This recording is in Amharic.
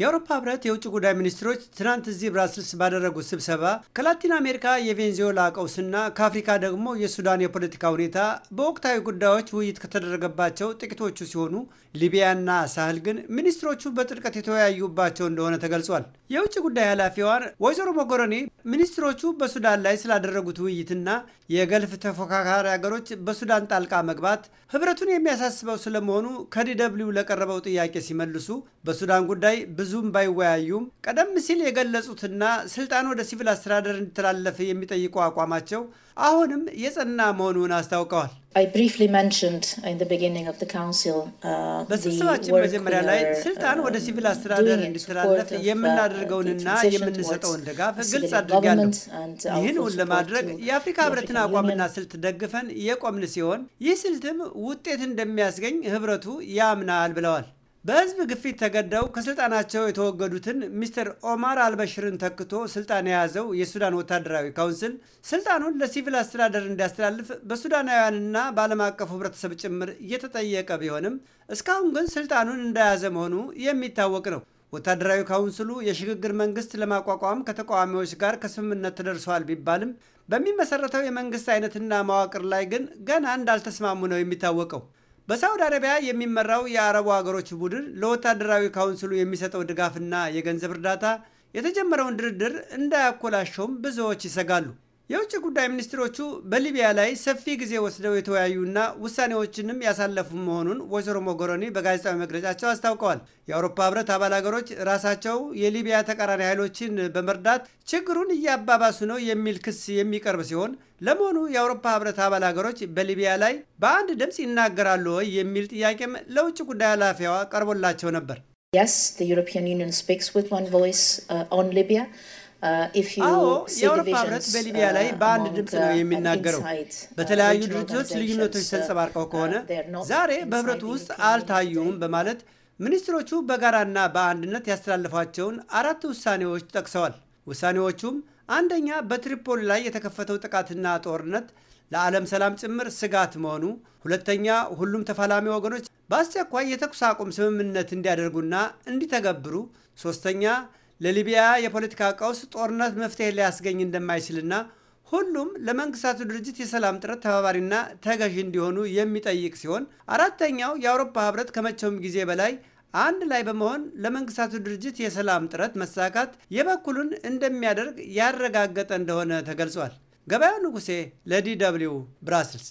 የአውሮፓ ህብረት የውጭ ጉዳይ ሚኒስትሮች ትናንት እዚህ ብራስልስ ባደረጉት ስብሰባ ከላቲን አሜሪካ የቬንዙዌላ ቀውስና ከአፍሪካ ደግሞ የሱዳን የፖለቲካ ሁኔታ በወቅታዊ ጉዳዮች ውይይት ከተደረገባቸው ጥቂቶቹ ሲሆኑ ሊቢያና ሳህል ግን ሚኒስትሮቹ በጥልቀት የተወያዩባቸው እንደሆነ ተገልጿል። የውጭ ጉዳይ ኃላፊዋን ወይዘሮ ሞጎረኒ ሚኒስትሮቹ በሱዳን ላይ ስላደረጉት ውይይትና የገልፍ ተፎካካሪ ሀገሮች በሱዳን ጣልቃ መግባት ህብረቱን የሚያሳስበው ስለመሆኑ ከዲደብሊው ለቀረበው ጥያቄ ሲመልሱ በሱዳን ጉዳይ ብዙ ብዙም ባይወያዩም ቀደም ሲል የገለጹትና ስልጣን ወደ ሲቪል አስተዳደር እንዲተላለፍ የሚጠይቁ አቋማቸው አሁንም የጸና መሆኑን አስታውቀዋል። uh, በስብሰባችን መጀመሪያ ላይ ስልጣን uh, ወደ ሲቪል አስተዳደር እንዲተላለፍ uh, የምናደርገውንና የምንሰጠውን ድጋፍ ግልጽ አድርጋለሁ። ይህንውን ለማድረግ የአፍሪካ ሕብረትን አቋምና ስልት ደግፈን የቆምን ሲሆን ይህ ስልትም ውጤት እንደሚያስገኝ ሕብረቱ ያምናል ብለዋል። በህዝብ ግፊት ተገደው ከስልጣናቸው የተወገዱትን ሚስተር ኦማር አልበሽርን ተክቶ ስልጣን የያዘው የሱዳን ወታደራዊ ካውንስል ስልጣኑን ለሲቪል አስተዳደር እንዲያስተላልፍ በሱዳናውያንና በዓለም አቀፉ ህብረተሰብ ጭምር እየተጠየቀ ቢሆንም እስካሁን ግን ስልጣኑን እንደያዘ መሆኑ የሚታወቅ ነው። ወታደራዊ ካውንስሉ የሽግግር መንግስት ለማቋቋም ከተቃዋሚዎች ጋር ከስምምነት ተደርሷል ቢባልም በሚመሰረተው የመንግስት አይነትና መዋቅር ላይ ግን ገና እንዳልተስማሙ ነው የሚታወቀው። በሳውዲ አረቢያ የሚመራው የአረቡ ሀገሮች ቡድን ለወታደራዊ ካውንስሉ የሚሰጠው ድጋፍና የገንዘብ እርዳታ የተጀመረውን ድርድር እንዳያኮላሸውም ብዙዎች ይሰጋሉ። የውጭ ጉዳይ ሚኒስትሮቹ በሊቢያ ላይ ሰፊ ጊዜ ወስደው የተወያዩና ውሳኔዎችንም ያሳለፉ መሆኑን ወይዘሮ ሞጎሮኒ በጋዜጣዊ መግለጫቸው አስታውቀዋል። የአውሮፓ ህብረት አባል ሀገሮች ራሳቸው የሊቢያ ተቃራኒ ኃይሎችን በመርዳት ችግሩን እያባባሱ ነው የሚል ክስ የሚቀርብ ሲሆን ለመሆኑ የአውሮፓ ህብረት አባል ሀገሮች በሊቢያ ላይ በአንድ ድምፅ ይናገራሉ ወይ የሚል ጥያቄም ለውጭ ጉዳይ ኃላፊዋ ቀርቦላቸው ነበር። Yes, the European Union speaks with one voice uh, on Libya. Uh, የአውሮፓ ህብረት uh, በሊቢያ ላይ በአንድ ድምፅ ነው የሚናገረው። uh, በተለያዩ ድርጅቶች ልዩነቶች ተንጸባርቀው ከሆነ ዛሬ በህብረቱ ውስጥ አልታዩም በማለት ሚኒስትሮቹ በጋራና በአንድነት ያስተላለፏቸውን አራት ውሳኔዎች ጠቅሰዋል። ውሳኔዎቹም አንደኛ፣ በትሪፖሊ ላይ የተከፈተው ጥቃትና ጦርነት ለዓለም ሰላም ጭምር ስጋት መሆኑ፣ ሁለተኛ፣ ሁሉም ተፋላሚ ወገኖች በአስቸኳይ የተኩስ አቁም ስምምነት እንዲያደርጉና እንዲተገብሩ፣ ሶስተኛ ለሊቢያ የፖለቲካ ቀውስ ጦርነት መፍትሄ ሊያስገኝ እንደማይችልና ሁሉም ለመንግስታቱ ድርጅት የሰላም ጥረት ተባባሪና ተገዥ እንዲሆኑ የሚጠይቅ ሲሆን አራተኛው የአውሮፓ ህብረት ከመቼውም ጊዜ በላይ አንድ ላይ በመሆን ለመንግስታቱ ድርጅት የሰላም ጥረት መሳካት የበኩሉን እንደሚያደርግ ያረጋገጠ እንደሆነ ተገልጿል። ገበያው ንጉሴ ለዲ ደብልዩ ብራስልስ